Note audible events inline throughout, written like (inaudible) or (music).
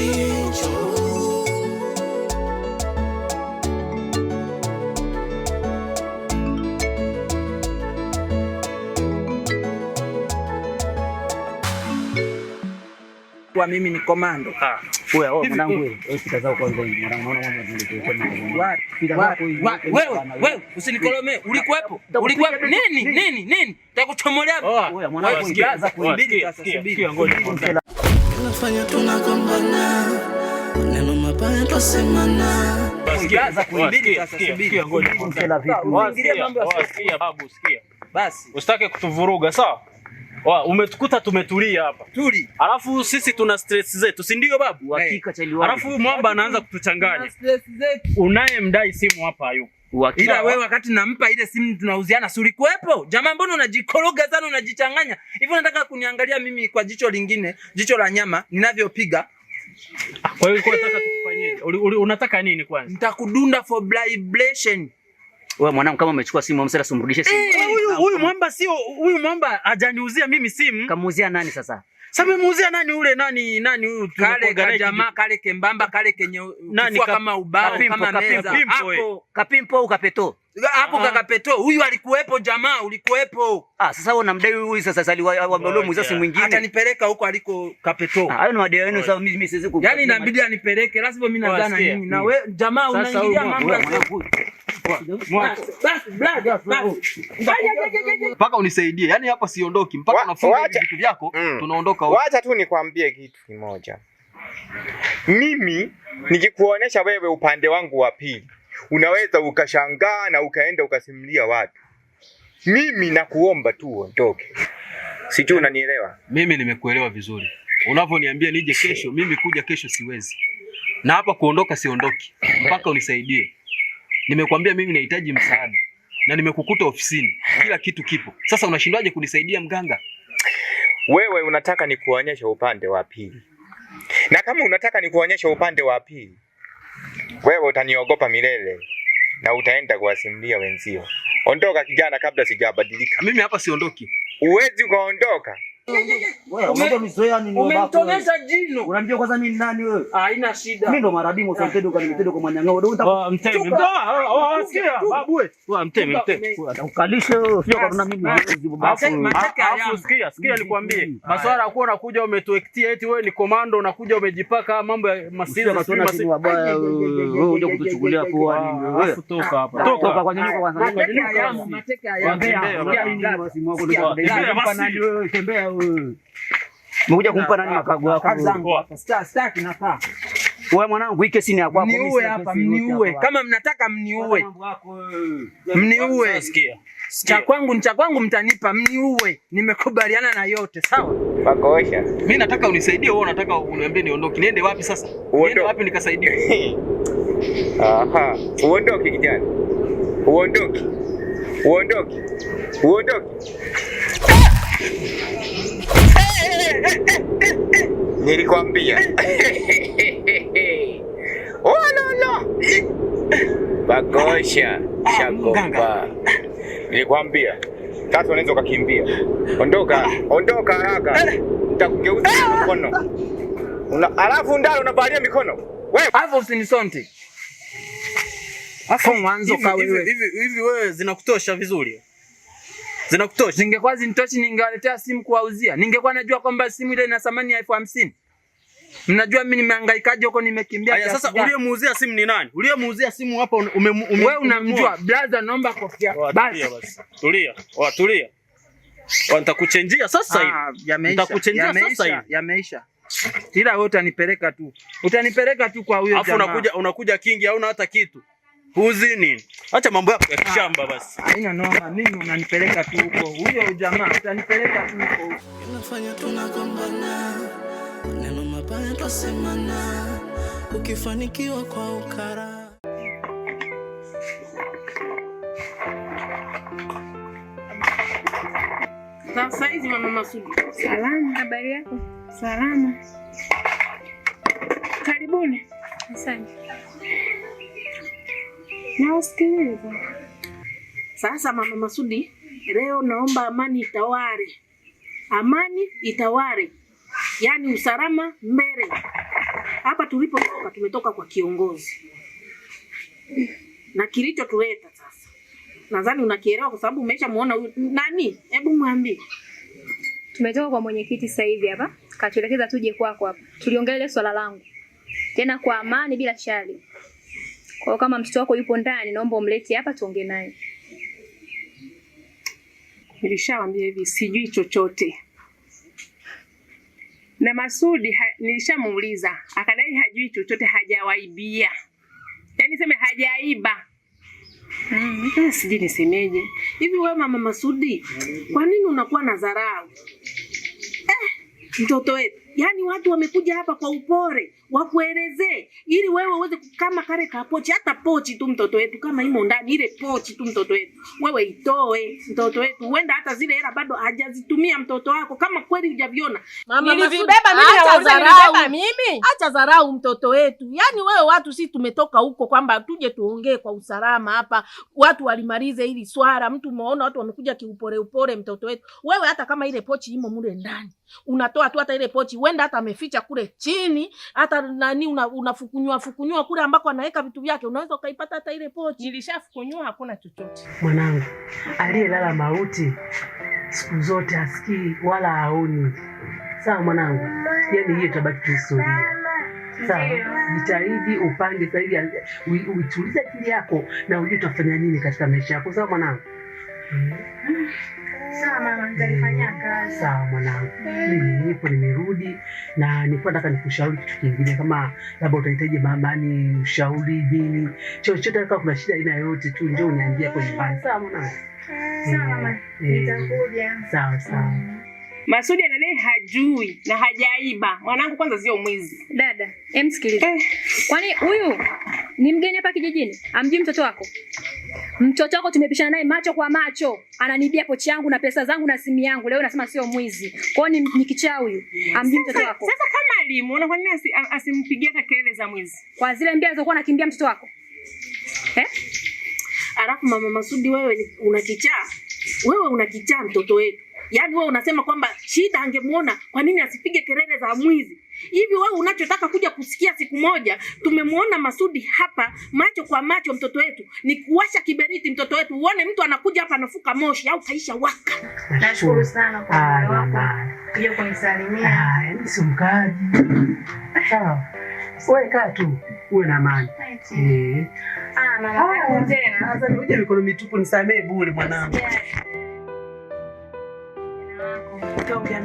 jicho kwa mimi ni komando. Ah. usinikolome, ulikuwepo? Ulikuwepo nini nini nini? Takuchomolea tunafanya tunagombana, maneno mabaya twasemana. Basi usitake kutuvuruga sawa? Umetukuta tumetulia hapa. Tuli. Alafu sisi tuna stress zetu, si ndio babu? Hakika. Alafu mwamba anaanza kutuchanganya. Stress zetu. Unayemdai simu hapa hayupo. Wakina ila wewe wakati nampa ile simu tunauziana, si ulikuwepo? Jamaa, mbona unajikoroga sana, unajichanganya hivyo? Nataka kuniangalia mimi kwa jicho lingine, jicho la nyama ninavyopiga. Kwa hiyo ulikuwa unataka tukufanyeje? Unataka nini kwanza? Nitakudunda for vibration. Wewe mwanangu, kama umechukua simu msela, simrudishe simu. Eh, huyu huyu mwamba sio huyu mwamba, ajaniuzia mimi simu. Kamuuzia nani sasa? Sasa muuzia nani ule nani nani huyu kale kajamaa kale kembamba kale kenye nani kama ubao kama meza hapo kapimpo ukapeto kapeto hapo ah. kaka Petro, huyu alikuwepo, jamaa ulikuwepo. Ah, sasa wewe unamdai huyu sasa sali wa, wa Mlolo mzazi mwingine. Atanipeleka huko aliko Kapetro. Ah, hayo ni madai yenu oh. sasa mimi siwezi kukupa. Yaani inabidi anipeleke, lazima mimi nadhana nini. Na wewe jamaa unaingilia mambo mpaka unisaidie, yaani hapa siondoki mpaka nafunga vitu vyako, mm. tunaondoka huko. Wacha tu nikwambie kitu kimoja, mimi nikikuonesha wewe upande wangu wa pili unaweza ukashangaa na ukaenda ukasimulia watu. Mimi nakuomba tu uondoke, sijui unanielewa. Mimi nimekuelewa vizuri, unavyoniambia nije kesho. Mimi kuja kesho siwezi, na hapa kuondoka siondoki mpaka unisaidie. Nimekwambia mimi nahitaji msaada na nimekukuta ofisini, kila kitu kipo. Sasa unashindwaje kunisaidia mganga? Wewe unataka nikuonyeshe upande wa pili, na kama unataka nikuonyeshe upande wa pili wewe utaniogopa milele na utaenda kuwasimulia wenzio. Ondoka kijana, kabla sijabadilika. Mimi hapa siondoki. Uwezi ukaondoka Umemtonesha jino. Unaambia kwanza mimi nani wewe? Haina shida. Mimi ndo maradimu kwa mtedo kwa mtedo kwa manyangao. Ndio mteme. Oh, sikia babu wewe. Wewe mteme mteme. Ukalishe wewe sio kwa mimi. Alafu sikia sikia nikwambie. Masuala yako unakuja umetuektia eti wewe ni komando unakuja umejipaka mambo ya masiri masiri masiri wabaya. Wewe unja kutuchukulia poa nini wewe? Toka hapa. Toka kwa nyanyuka kwanza. Nateka yangu. Nateka yangu. Tembea. Tembea. Tembea. Umekuja kumpa nani makago yako? Sitaki, nakaa. Wewe mwanangu, hii kesi ni ya kwako. Mniue hapa, mniue. Kama mnataka mniue. Mniue. Cha kwangu ni cha kwangu, mtanipa mniue. Nimekubaliana na yote, sawa? Pakoosha. Mimi nataka unisaidie wewe, unataka uniambie niondoke. Niende wapi sasa? Niende wapi nikasaidiwe? (laughs) Aha. Uondoke kijana. Uondoke. Uondoke. Uondoke nilikwambia. Walolo (laughs) oh, bagosha shagomba, nilikwambia tatu unaweza ukakimbia. Ondoka, ondoka haraka, nitakugeuza mkono. Una alafu ndalo unabalia mikono wewe, hapo usinisonte. Afu mwanzo ka wewe hivi hivi, wewe zinakutosha vizuri zinakutosha. Ningekuwa zinitoshi ningewaletea simu kuwauzia, ningekuwa najua kwamba simu ile ina thamani ya elfu hamsini. Mnajua mimi nimehangaikaje huko nimekimbia. Haya sasa uliyemuuzia simu ni nani? Uliyemuuzia simu hapa wewe unamjua brother, naomba kofia. Oh, basi. Tulia. Oa oh, tulia. Oa oh, nitakuchenjia sasa ah, hivi. Nitakuchenjia sasa hivi. Yameisha. Ila wewe utanipeleka tu. Utanipeleka tu kwa huyo jamaa. Alafu unakuja unakuja kingi hauna hata kitu. Huzi nini? Acha mambo yako ya kishamba ah, basi. Haina noma, mimi unanipeleka tu huko. Huyo jamaa utanipeleka tu huko. Unafanya tunagombana. Tupendwa semana, ukifanikiwa kwa ukara na saizi. Mama Masudi, salama. Habari yako? Salama. Karibuni. Asante. Nausikiliza sasa, Mama Masudi, leo naomba amani itawale, amani itawale yaani usalama mbele. Hapa tulipotoka tumetoka kwa kiongozi na kilichotuleta sasa, nadhani unakielewa kwa sababu umeshamuona huyu nani. Hebu mwambie, tumetoka kwa mwenyekiti sasa hivi hapa, katuelekeza tuje kwako hapa, tuliongelea swala langu tena kwa amani, bila shari. Kwa kama mtoto wako yupo ndani, naomba umlete hapa tuongee naye. Nilishawambia hivi, sijui chochote na Masudi ha, nilishamuuliza akadai hajui chochote, hajawaibia yani seme hajaiba. Mm, sijui nisemeje hivi. Wewe mama Masudi, kwa nini unakuwa na dharau eh, mtoto wetu Yaani watu wamekuja hapa kwa upore, wakuelezee ili wewe uweze kama kale ka pochi, hata pochi tu mtoto wetu kama imo ndani ile pochi tu mtoto wetu, wewe itoe mtoto wetu. Huenda hata zile hela bado hajazitumia mtoto wako, kama kweli hujaviona. Mama nilivibeba mimi na wazarau mimi, acha zarau mtoto wetu. Yaani wewe, watu si tumetoka huko kwamba tuje tuongee kwa usalama hapa, watu walimalize hili swala. Mtu umeona watu wamekuja kiupore upore, mtoto wetu. Wewe hata kama ile pochi imo mule ndani, unatoa tu hata ile pochi huenda hata ameficha kule chini, hata nani unafukunywa una fukunywa kule ambako anaweka vitu vyake, unaweza ukaipata hata ile pochi. Nilishafukunywa, hakuna chochote. Mwanangu aliyelala mauti siku zote asikii wala haoni. Sawa mwanangu, yani hiyo tabaki tu historia. Sawa, jitahidi upange sasa uitulize akili yako na ujue utafanya nini katika maisha yako. Sawa mwanangu. Sawa mama, nitalifanyia mm. kazi. Sawa mwanangu, mimi nipo nimerudi, na nilikuwa nataka nikushauri kitu kingine, kama labda utahitaji mamani ushauri nini chochote, kama kuna shida aina yoyote tu, njoo uniambie kwenye nyumbani. Sawa mwanangu. Sawa mama, eh, eh. nitakuja. Sawa sawa. Mm. Masudi anadai hajui na hajaiba. Mwanangu kwanza sio mwizi. Dada, emsikilize. Eh. Kwani huyu ni mgeni hapa kijijini? Amjui mtoto wako? Mtoto wako tumepishana naye macho kwa macho, ananibia pochi yangu na pesa zangu na simu yangu. Leo nasema sio mwizi, kwa ni, ni kichaa huyu. Amjui mtoto wako. Sasa kama alimuona, kwa nini asimpigie hata kelele za mwizi kwa zile mbia alizokuwa anakimbia mtoto wako eh? Alafu mama Masudi, wewe una kichaa, wewe una kichaa mtoto wetu. Yaani wewe unasema kwamba shida angemuona, kwa nini asipige kelele za mwizi? Hivi wewe unachotaka kuja kusikia siku moja, tumemwona Masudi hapa macho kwa macho, mtoto wetu ni kuwasha kiberiti, mtoto wetu uone mtu anakuja hapa anafuka moshi au kaisha waka. Nashukuru sana kwa ah, wako kuja kunisalimia. Ah, yaani sumkaji. sawa, wewe kaa tu, uwe na amani eh. Ah, mama, ah. tena sasa, uje mikono mitupu, nisamee bure mwanangu. Utaongea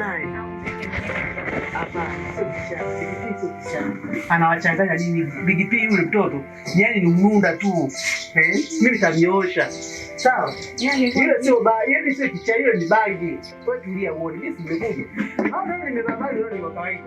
Anawachanganya nini? Big P yule mtoto yani ni mnunda tu. Eh? Mimi nitamnyoosha. Sawa? Yeye yaani sio bagi, yeye yaani sio kicha, hiyo ni bagi. Wewe tulia uone, mimi simevuja. Hapo ndio nimebabali leo ni kawaida.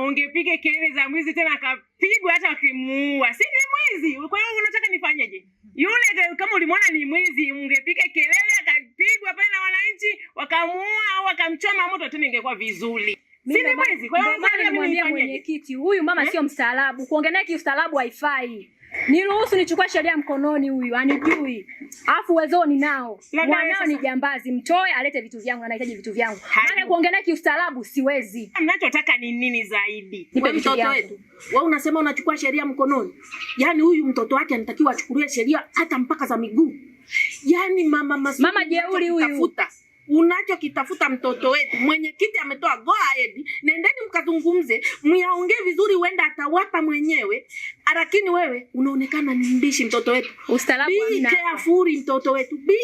ungepiga kelele za mwizi tena akapigwa hata akimuua, si ni mwizi? Kwa hiyo unataka nifanyeje? Yule kama ulimwona ni mwizi, ungepiga kelele akapigwa pale na wananchi wakamuua au wakamchoma moto tu, ingekuwa vizuri. Si ni mwizi? Kwa hiyo mwenyekiti, huyu mama eh? sio mstaarabu, kuongea naye kiustaarabu haifai. Niruhusu nichukue sheria mkononi, huyu anijui. Alafu uwezo ninao. Mwanao ni jambazi, mtoe alete vitu vyangu, anahitaji vitu vyangu. Maana naye kiustaarabu siwezi. Anachotaka ni nini zaidi? Wewe mtoto wetu. Wewe unasema unachukua sheria mkononi. Yaani huyu mtoto wake anatakiwa achukulie sheria hata mpaka za miguu. Yaani mama Mama jeuri huyu unachokitafuta mtoto wetu. Mwenyekiti ametoa go ahead, nendeni mkazungumze, myaongee vizuri, huenda atawapa mwenyewe. Lakini wewe unaonekana ni mbishi, mtoto wetu. Ustaarabu mtoto wetu, be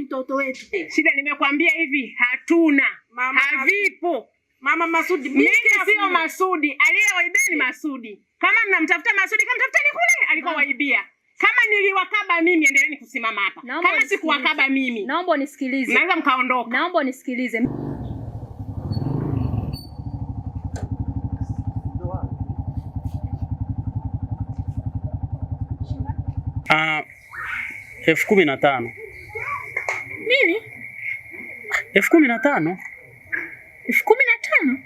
mtoto wetu. Shida nimekwambia hivi, hatuna mama, havipo mama Masudi. Mimi sio Masudi, aliyewaibia ni Masudi. Kama mnamtafuta Masudi, kamtafuteni kule alikuwa waibia kama niliwakaba mimi, endeleeni kusimama hapa. Kama sikuwakaba mimi, naomba unisikilize, naweza mkaondoka. Naomba unisikilize. Uh, elfu kumi na tano. Nini? Elfu kumi na tano? Elfu kumi na tano?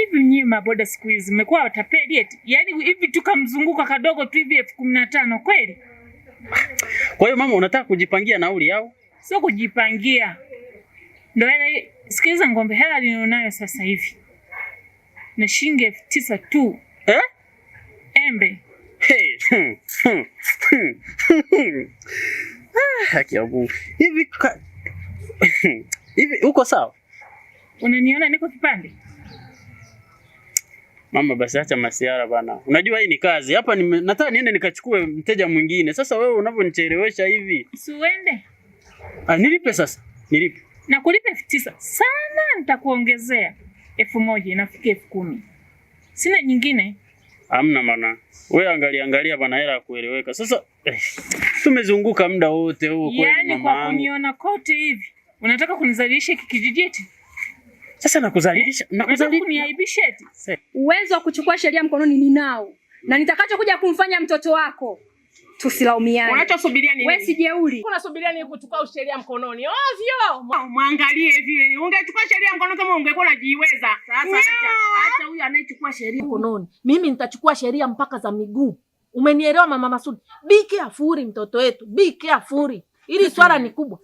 hivi nyinyi maboda siku hizi mmekuwa watapeli eti? Yaani hivi tukamzunguka kadogo tu hivi elfu kumi na tano kweli? Kwa hiyo mama, unataka kujipangia nauli au sio? Kujipangia ndio ile. Sikiliza ng'ombe, hela nilionayo sasa hivi na shilingi elfu tisa tu eh? Embe hey. hivi hivi uko sawa? Unaniona niko kipande Mama basi acha masiara bana. Unajua hii ni kazi. Hapa nataka niende nikachukue mteja mwingine. Sasa wewe unavyonichelewesha hivi. Si Ah, nilipe sasa. Nilipe. Na kulipe elfu tisa. Sana nitakuongezea elfu moja inafika elfu kumi. Sina nyingine. Hamna maana. Wewe angalia angalia bana hela kueleweka. Sasa eh, tumezunguka muda wote huo kweli mama. Yaani kwa kuniona kote hivi. Unataka kunizalisha kikijiji eti? Sasa nakuzalilisha, nakuzalilisha. Kuniaibisha eti? Uwezo wa kuchukua sheria mkononi ninao na nitakachokuja kumfanya mtoto wako tusilaumiane. Unachosubiria nini? Wewe si jeuri. Unasubiria nini kuchukua sheria mkononi? Ovyo. Mwangalie vile. Ungechukua sheria mkononi kama ungekuwa unajiweza. Sasa acha. Acha huyu anayechukua sheria mkononi. Mimi nitachukua sheria mpaka za miguu. Umenielewa Mama Masudi? Be careful mtoto wetu. Be careful ili swala ni kubwa.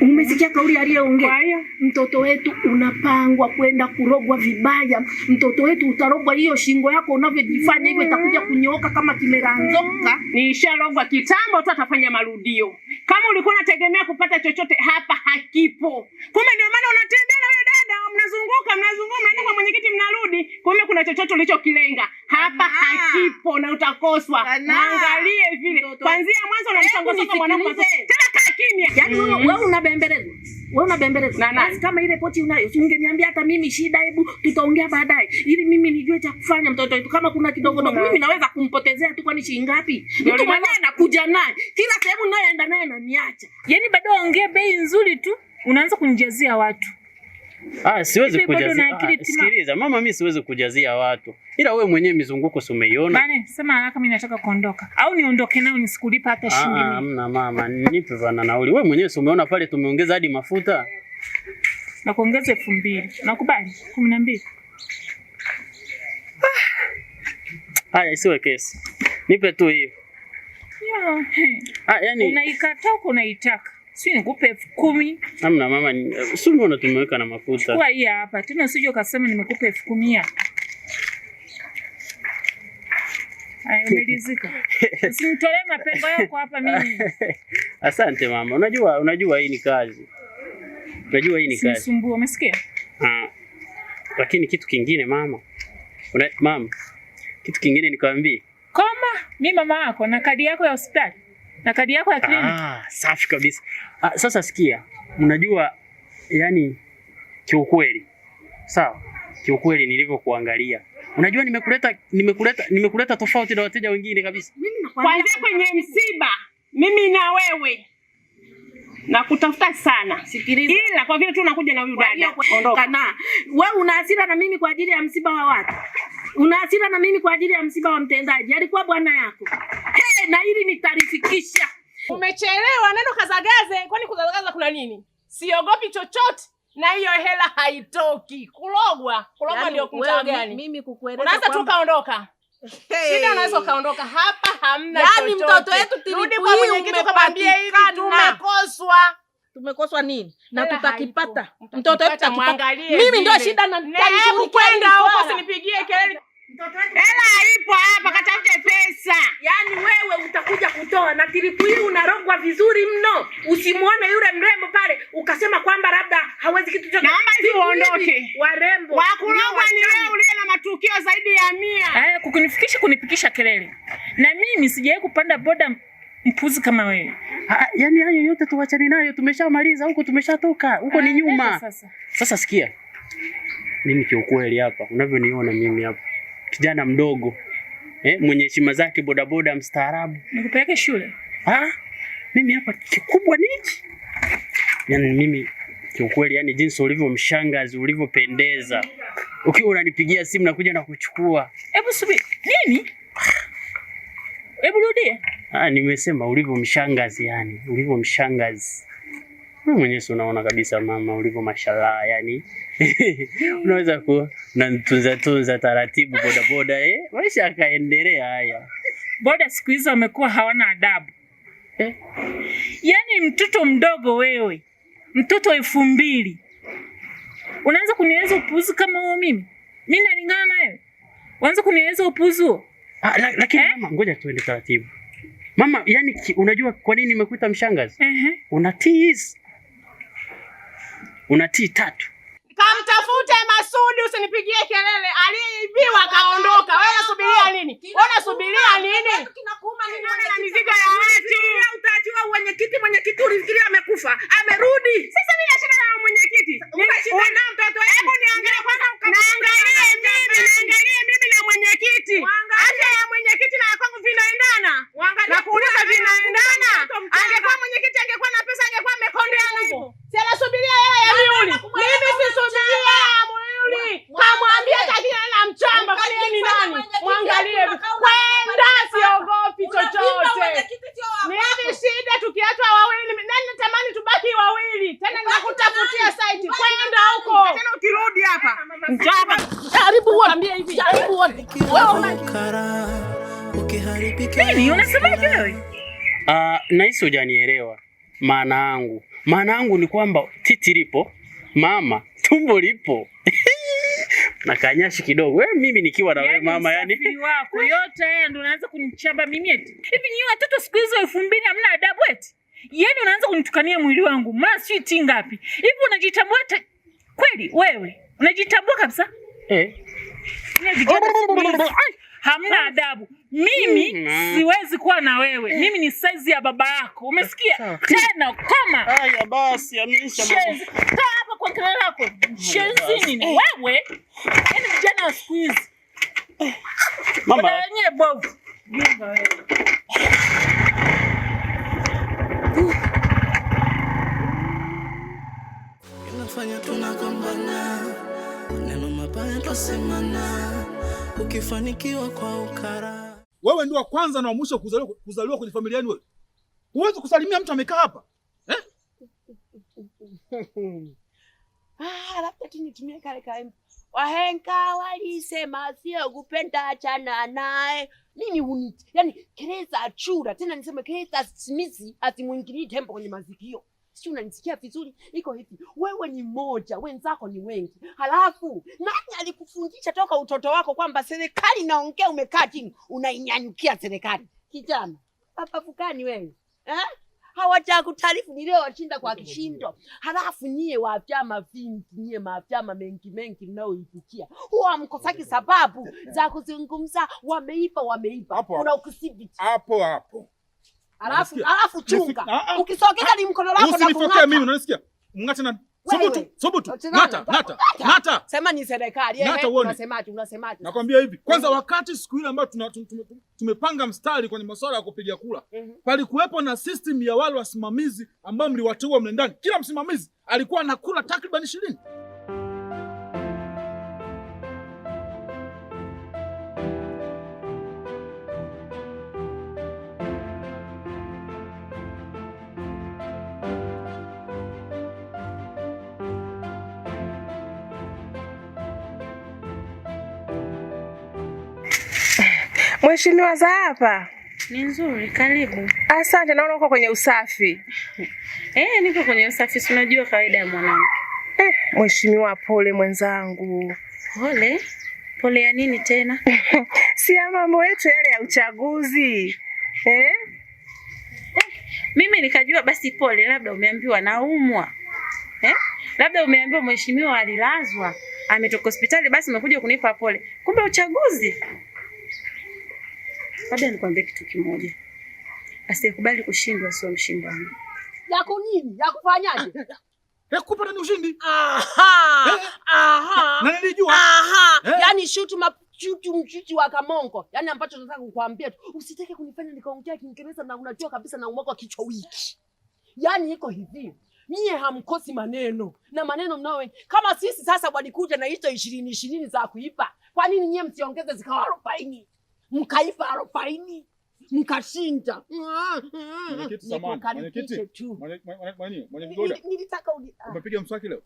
Umesikia kauli aliyeongea? Mtoto wetu unapangwa kwenda kurogwa vibaya. Mtoto wetu utarogwa, hiyo shingo yako unavyojifanya hivyo itakuja kunyooka kama kimeranzoka. Nisharogwa kitambo tu, atafanya marudio. Kama ulikuwa unategemea kupata chochote hapa, hakipo. Kumbe ndio maana unatembea na wewe dada, mnazunguka mnazunguka, mnaenda kwa mwenyekiti, mnarudi. Kumbe kuna chochote ulichokilenga hapa Ana. hakipo, na utakoswa. Angalie vile kwanzia mwanzo, unamshangaza mwanangu kimya. Yaani wewe mm-hmm. wewe unabembeleza. Wewe unabembeleza. Basi kama ile ripoti unayo, si hata mimi shida, hebu tutaongea baadaye ili mimi nijue cha kufanya mtoto wetu kama kuna kidogo dogo mm-hmm. mimi naweza kumpotezea tu kwani shilingi ngapi? Mtu mwenyewe anakuja naye. Kila sehemu nayoenda naye ananiacha. Yaani bado aongee bei nzuri tu, unaanza kunijazia watu. Ah, siwezi kujazia. Ah, sikiliza mama, mimi siwezi kujazia watu, ila wewe mwenyewe mizunguko si umeiona. Bana sema haraka, mimi nataka kuondoka, au niondoke nao nisikulipa hata shilingi? Ah, hamna mama, nipe bana nauli. Wewe mwenyewe si umeona pale tumeongeza hadi mafuta na kuongeza 2000. Nakubali 12. Ah. Haya, isiwe kesi, nipe tu hiyo. Yeah. Ah, yani Unaikataa unaitaka si nikupe elfu kumi. Hamna mama, si mbona tumeweka na mafuta. kwa hii hapa tena, usije ukasema nimekupa elfu kumi. Umelizika, (laughs) usinitolee mapengo yako hapa mimi. (laughs) Asante mama, unajua unajua hii ni kazi, unajua hii ni kazi. Sinisumbue, umesikia? Ah, lakini kitu kingine mama, una, mama kitu kingine nikwambie, koma mimi mama yako na kadi yako ya hospitali na kadi yako ya credit. Ah, safi kabisa. Ah, sasa sikia, unajua yani kiukweli, sawa, kiukweli nilivyokuangalia Unajua nimekuleta nimekuleta nimekuleta tofauti na wateja wengine kabisa. Kwanza kwenye msiba mimi na wewe nakutafuta sana. Sikiliza. Ila kwa vile tu unakuja na huyu dada. Ondoka. Na wewe una hasira na mimi kwa ajili ya msiba wa watu. Una hasira na mimi kwa ajili ya msiba wa mtendaji. Alikuwa bwana yako. Hey! na hili nitalifikisha. Umechelewa, nenda kazagaze. Kwani kuzagaza kuna nini? Siogopi chochote na hiyo hela haitoki. Kulogwa, kulogwa yaani ndio kumtaa gani? Mimi kukueleza, unaanza tu kaondoka. Hey. Sina unaweza kaondoka hapa, hamna yaani chochote. Yaani mtoto wetu tulikuwa ukamwambia hivi tumekoswa. Tumekoswa nini? Na tutakipata. Mtoto wetu mwangalie. Mimi ndio shida na nitaishi kwenda huko, usinipigie kelele. Hela ipo hapa, katafute pesa. Yaani wewe utakuja kutoa na tiripu hii unarogwa vizuri mno. Usimwone yule mrembo pale ukasema kwamba labda hawezi kitu chochote. Naomba hivi uondoke. Warembo. Wakurogwa ni wewe uliye na matukio zaidi ya mia. Eh, kukunifikisha kunipikisha kelele. Na mimi sijawahi kupanda boda mpuzi kama wewe. Ah, ah, yaani hayo yote tuwachane nayo, tumeshamaliza huko, tumeshatoka huko, ni ah, nyuma. Sasa sasa, sikia mimi kiukweli hapa unavyoniona mimi hapa kijana mdogo eh, mwenye heshima zake, bodaboda mstaarabu. Nikupeleke shule? ha? mimi hapa kikubwa ni hiki. Yaani mimi kiukweli, yani jinsi ulivyo mshangazi, ulivyopendeza, ukiwa unanipigia simu nakuja na kuchukua. Hebu subiri nini? Hebu rudia. Ah, nimesema ulivyo mshangazi, yani ulivyo mshangazi mimi mwenyewe si unaona kabisa mama ulivyo mashallah, yani (laughs) unaweza ku unamtunza tunza taratibu boda boda, eh, maisha yakaendelea. Haya boda siku hizo wamekuwa hawana adabu eh. Yani mtoto mdogo wewe, mtoto elfu mbili unaanza kunieleza upuuzi kama wewe Mimi mimi nalingana naye, unaanza kunieleza upuuzi Ah, la, lakini eh? Mama ngoja tuende taratibu mama, yani unajua kwa nini nimekuita mshangazi? uh -huh. Una tease una T tatu Kamtafute Masudi, usinipigie kelele. Aliyeibiwa kaondoka, wewe unasubiria nini? Wewe unasubiria nini? mizigo ya watu. mwenyekiti, mwenyekiti ulifikiria amekufa, amerudi. Sasa mimi na mwenyekiti, mtoto. Hebu niangalie kwanza, mimi, mimi na mwenyekiti, ya mwenyekiti na vinaendana. vinaendana? Angekuwa mwenyekiti, angekuwa na pesa, angekuwa amekondea nguvu. Sasa subiria ya yule mimi, si Mtumie mwili. Kamwambie mchamba kwani yeye ni nani? Mwangalie. Kwenda siogopi chochote. Mimi shida tukiachwa wawili, nani natamani tubaki wawili. Tena ninakutafutia site. Kwenda huko. Tena ukirudi hapa. Jaribu uone. hivi. Jaribu uone. nahisi hujanielewa maana yangu. Maana yangu ni kwamba titi lipo mama tumbo lipo (laughs) na kanyashi kidogo. Wewe mimi nikiwa na wewe yaani mama, yani mimi wako yote yeye ndio unaanza kunichamba mimi eti. Hivi nyinyi watoto siku hizo 2000 hamna adabu eti. Yaani unaanza kunitukania mwili wangu. Mara si ti ngapi? Hivi unajitambua te... kweli wewe? Unajitambua kabisa? Eh. Hamna ah. adabu. Mimi mm, siwezi kuwa na wewe. Eh. Mimi ni saizi ya baba yako. Umesikia? Tena koma. Haya basi, amesha. Kaa hapa kwa kwa yako shenzi wewe? Yani vijana wa siku hizi mama bovu inafanya tunagombana, neno mabaya twasemana, ukifanikiwa kwa ukara. Wewe ndio wa kwanza na wa mwisho kuzaliwa, kuzaliwa kwenye familia yenu. Wewe huwezi kusalimia mtu amekaa hapa eh? (laughs) Ah, labda tu nitumie kale kaimba. Wahenga walisema sio kupenda chana naye. nini uniti. yani kereza achura tena niseme keleza simizi asimwingilii tembo kwenye mazikio Sio unanisikia vizuri? Iko hivi. Wewe ni moja, wenzako ni wengi. Halafu nani alikufundisha toka utoto wako kwamba serikali naongea umekaa chini unainyanyukia serikali? Kijana, papa wewe. Eh? leo washinda kwa kishindo. Halafu nyie wa vyama vingi, nyie mavyama vyama mengi mengi mnaoibukia, huwa mkosaki sababu za kuzungumza. Wameiba, wameiba, kuna ukisibiti hapo hapo. Alafu alafu chunga, ah, ah. ukisogeka ni mkono wako na kunaka. Mimi unanisikia? Mngate na Sema ni serikali. Nakwambia hivi kwanza, mhm. wakati siku ile ambayo tumepanga mstari kwenye masuala ya kupiga kura, mhm. palikuwepo na system ya wale wasimamizi ambao mliwateua mle ndani. Kila msimamizi alikuwa na kura takriban ishirini. Mheshimiwa, za hapa ni nzuri, karibu. Asante, naona uko kwenye usafi. (laughs) Eh, niko kwenye usafi, si unajua kawaida ya mwanamke. Eh, mheshimiwa, pole mwenzangu. Pole pole ya nini tena? (laughs) si ya mambo yetu yale ya uchaguzi eh? eh? Mimi nikajua basi pole, labda umeambiwa naumwa eh? Labda umeambiwa mheshimiwa alilazwa ametoka hospitali, basi umekuja kunipa pole, kumbe uchaguzi. Labda nikwambie kitu kimoja, asiyekubali kushindwa sio mshindani. Yako eh, eh, nini? fanyaje? Yakupa nani ushindi? Aha. Eh? Aha. Na nilijua. Aha. Yaani shutuma chuchu mchuchi wa Kamongo. Yaani ambacho nataka kukuambia tu, usitake kunifanya nikaongea Kiingereza na unajua kabisa na umwako kichwa wiki. Yaani iko hivi. Nyie hamkosi maneno na maneno mnao kama sisi sasa walikuja na hizo ishirini ishirini za kuipa. Kwa nini nyie msiongeze zikawa arobaini? mkaipa arobaini mkashinda. Ah. umepiga mswaki leo,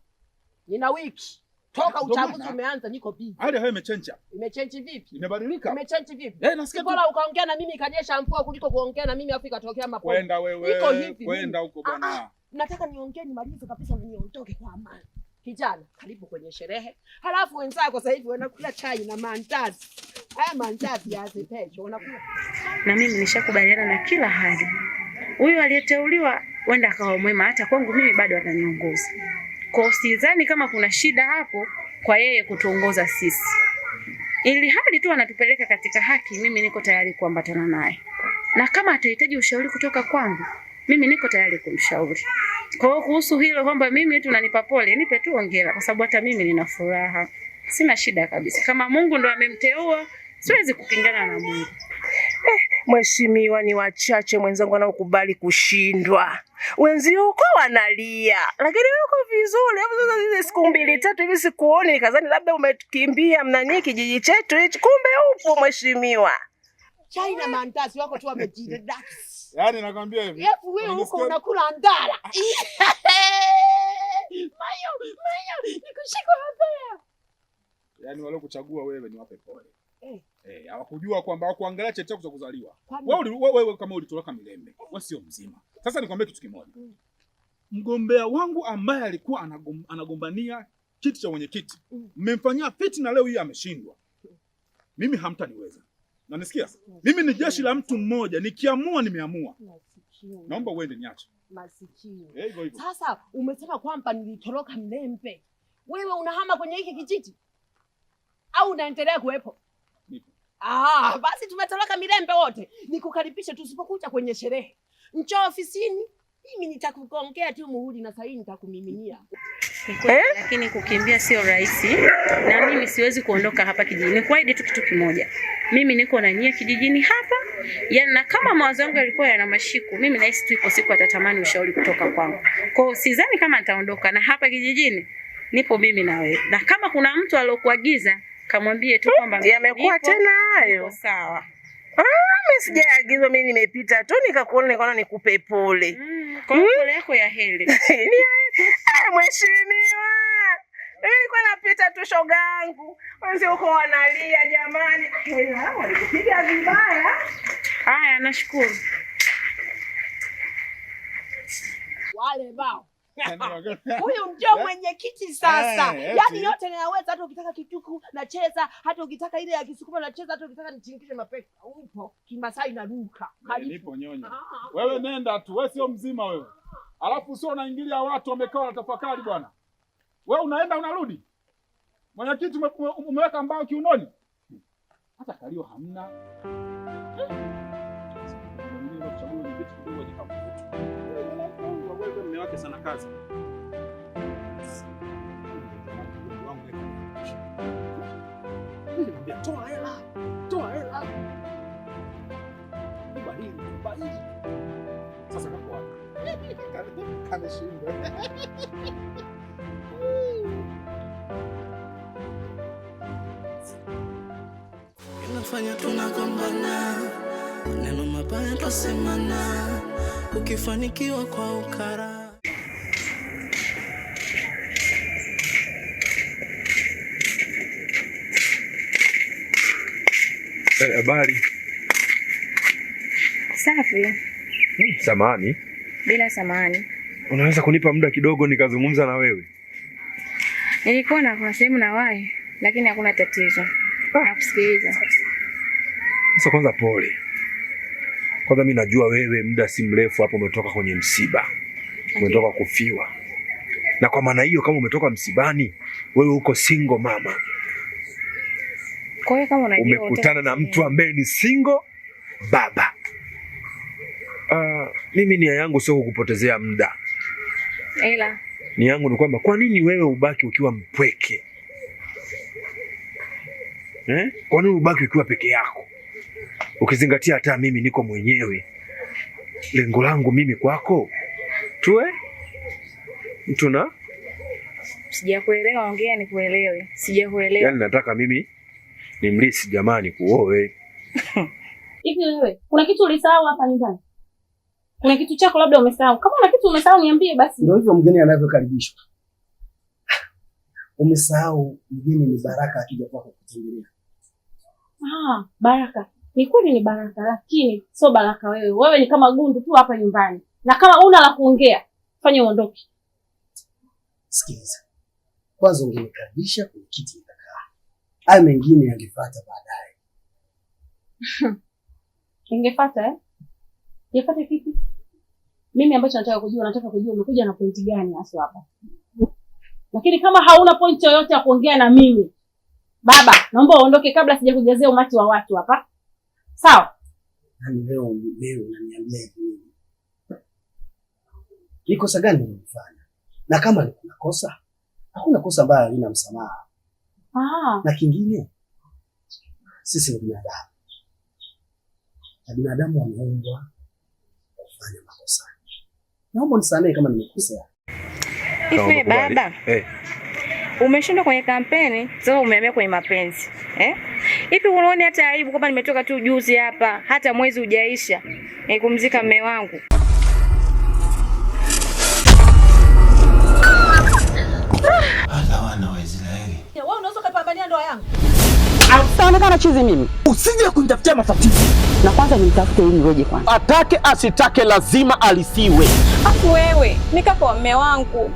nina wiki toka uchaguzi umeanza, niko bizi. Hali imechenja. Imechenji vipi? Imebadilika. Imechenji vipi? Eh, nasikia bora ukaongea na mimi ikanyesha mvua kuliko kuongea na mimi afu ikatokea mapo. Kwenda wewe. hivi. Kwenda huko bwana. Ah, ah. Nataka niongee nimalize kabisa na niondoke kwa amani. Kijana, karibu kwenye sherehe. Halafu wenzako sasa hivi wanakula chai na mandazi. Haya mandazi ya zipecho wanakula. Na mimi nishakubaliana na kila hali. Huyu aliyeteuliwa wenda akawa mwema, hata kwangu mimi bado ananiongoza. Kwa hiyo sidhani kama kuna shida hapo kwa yeye kutuongoza sisi. Ili hali tu anatupeleka katika haki, mimi niko tayari kuambatana naye. Na kama atahitaji ushauri kutoka kwangu, mimi niko tayari kumshauri. Kwa hiyo kuhusu hilo kwamba mimi tu nanipa pole, nipe tu hongera, kwa sababu hata mimi nina furaha, sina shida kabisa. Kama Mungu ndo amemteua, siwezi kupingana na Mungu. Eh, mheshimiwa, ni wachache mwenzangu wanaokubali kushindwa. Wenzio huko wanalia, lakini wewe uko vizuri. Hapo sasa, zile siku mbili tatu hivi sikuoni, nikadhani labda umekimbia mnani kijiji chetu hichi, kumbe upo mheshimiwa. Chai na mandazi wako tu wamejirelax Yaani nakwambia hivi. Yefu wewe huko unakula ndara. Ah, ah. (laughs) Mayo, mayo, nikushika hapa. Yaani wale kuchagua wewe ni wape pole. Eh, eh, hawakujua kwamba hawakuangalia cheti chako cha kuzaliwa. Wewe wewe kama ulitoroka Milembe, wewe sio mzima. Sasa nikwambie kitu kimoja. Mm. Mgombea wangu ambaye alikuwa anagom, anagombania kiti cha mwenyekiti. Mm. Mmemfanyia fitina leo hii ameshindwa. Mimi hamtaniweza. Nanisikia? Mimi ni jeshi la mtu mmoja, nikiamua nimeamua. Naomba uende niache. Masikio. Eh, Sasa umesema kwamba nilitoroka Mlembe. Wewe unahama kwenye hiki kijiji? Au unaendelea kuwepo? Ah, basi tumetoroka Milembe wote. Nikukaribishe tusipokuja kwenye sherehe. Njoo ofisini mimi nitakukongea tu muhuri na sahihi nitakumiminia. Eh? Lakini kukimbia sio rahisi, na mimi siwezi kuondoka hapa kijijini. Nikuahidi tu kitu kimoja, mimi niko na nyie kijijini hapa ya, yaani na kama mawazo yangu yalikuwa yana mashiku, mimi nahisi tu ipo siku atatamani ushauri kutoka kwangu. Kwa hiyo sidhani kama nitaondoka, na hapa kijijini nipo mimi na wewe, na kama kuna mtu alokuagiza kamwambie tu kwamba yamekuwa tena hayo sawa. Ah, sijaagizwa mimi, nimepita tu nikakuona, nikaona nikupe pole. Mm, kwa mm. pole yako ya heri. (laughs) Mheshimiwa, mimi nilikuwa napita tu shogangu, wanzi huko wanalia jamani, hela walikupiga vibaya. Haya, nashukuru wale bao Yaani (laughs) huyu ndio (laughs) eh? mwenyekiti sasa. Hey, eh, yaani yote ninaweza, hata ukitaka kituku nacheza, hata ukitaka ile ya Kisukuma nacheza, hata ukitaka nichingikishe mapesa upo. Kimasai naruka eh, nipo nyonya. Ah, ah, ah. Wewe nenda tu, wewe sio mzima wewe, alafu sio unaingilia watu wamekaa wanatafakari bwana. Wewe unaenda unarudi, mwenyekiti umeweka mbao kiunoni, hata kalio hamna hmm zake sana kazi inafanya tunagombana, maneno mabaya twasemana, ukifanikiwa kwa ukara habari? Safi. Hmm, samani. Bila samani. Unaweza kunipa muda kidogo nikazungumza na wewe? Nilikuwa na kuna sehemu na wahi, lakini hakuna tatizo. Ah. Nakusikiliza. Sasa kwanza pole. Kwanza mi najua wewe muda si mrefu hapo umetoka kwenye msiba. Umetoka kufiwa. Na kwa maana hiyo kama umetoka msibani, wewe uko single mama. Kwa hiyo kama unajua umekutana na mtu ambaye ni single baba, uh, mimi nia yangu sio kukupotezea muda, ila nia yangu ni kwamba kwa nini wewe ubaki ukiwa mpweke eh? Kwa nini ubaki ukiwa peke yako, ukizingatia hata mimi niko mwenyewe. Lengo langu mimi kwako tuwe mtu na Sijakuelewa, ongea nikuelewe. Sijakuelewa. Yaani nataka mimi ni mlisi jamani, kuowe (laughs) hivi. Wewe kuna kitu ulisahau hapa nyumbani? Kuna kitu chako labda umesahau. Kama una kitu umesahau niambie basi. Ndio hivyo mgeni anavyokaribishwa. Umesahau mgeni ni baraka, akija kwako kutembelea. Ah, baraka ni kweli, ni baraka, lakini sio baraka wewe. Wewe ni kama gundu tu hapa nyumbani, na kama una la kuongea fanya uondoke. Sikiliza kwanza, ungenikaribisha kwenye kiti Haya mengine yangefuata baadaye. Ingefuata (laughs) eh? Ingefata kipi? Mimi ambacho nataka kujua, nataka kujua umekuja na pointi gani hasa hapa? Lakini kama hauna pointi yoyote ya kuongea na mimi, baba, naomba uondoke kabla sija sijakujazia umati wa watu hapa, sawa? Yaani leo leo unaniambia hivi, ni kosa gani nimefanya? Na kama kuna kosa, hakuna kosa ambayo halina msamaha. Aha. Na kingine sisi ni binadamu na binadamu wameumbwa kufanya makosa. Naomba nisamehe kama nimekosea. Hivi baba, hey. Eh. Umeshindwa kwenye kampeni sasa umeamia kwenye mapenzi eh? hivi eh? Unaona hata aibu kwamba nimetoka tu juzi hapa, hata mwezi hujaisha kumzika mme wangu ndoa yangu. Sana chizi mimi. Usije kunitafutia matatizo. Na kwanza nimtafute ili ngoje kwanza. Atake asitake lazima alisiwe. Afu wewe, nika kwa wa mume wangu.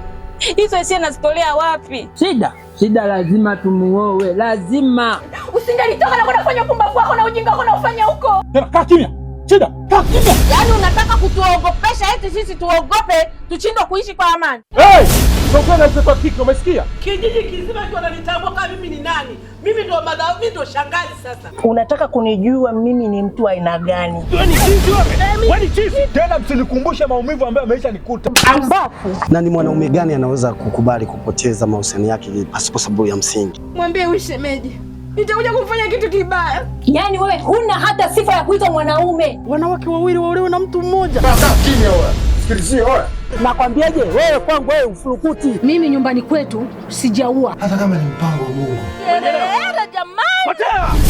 Hizo hisia nazitolea wapi? Shida, shida lazima tumuoe, lazima. Usingalitoka na kwenda kufanya pumbavu wako na ujinga wako unaofanya huko. Tena kaa kimya. Shida, kaa kimya. Yaani unataka kutuogopesha eti sisi tuogope, tushindwe kuishi kwa amani. Hey! Sasa na mtoto kike umesikia? Kijiji kizima ndio wananitambua kama mimi ni nani. Mimi ndo madhao, mimi ndio shangazi sasa. Unataka kunijua mimi ni mtu aina gani? Wewe ni chizi wewe. Wewe ni chizi. Tena msinikumbushe maumivu ambayo ameisha nikuta. Ambapo na ni mwanaume gani anaweza kukubali kupoteza mahusiano yake pasipo sababu ya msingi? Mwambie huyu shemeji. Nitakuja kumfanya kitu kibaya. Yaani wewe huna hata sifa ya kuitwa mwanaume. Wanawake wawili waolewe na mtu mmoja. Sasa kimya wewe sikilizio nakwambiaje wewe, kwangu wewe ufurukuti. Mimi nyumbani kwetu sijaua, hata kama ni mpango wa Mungu. Jamani!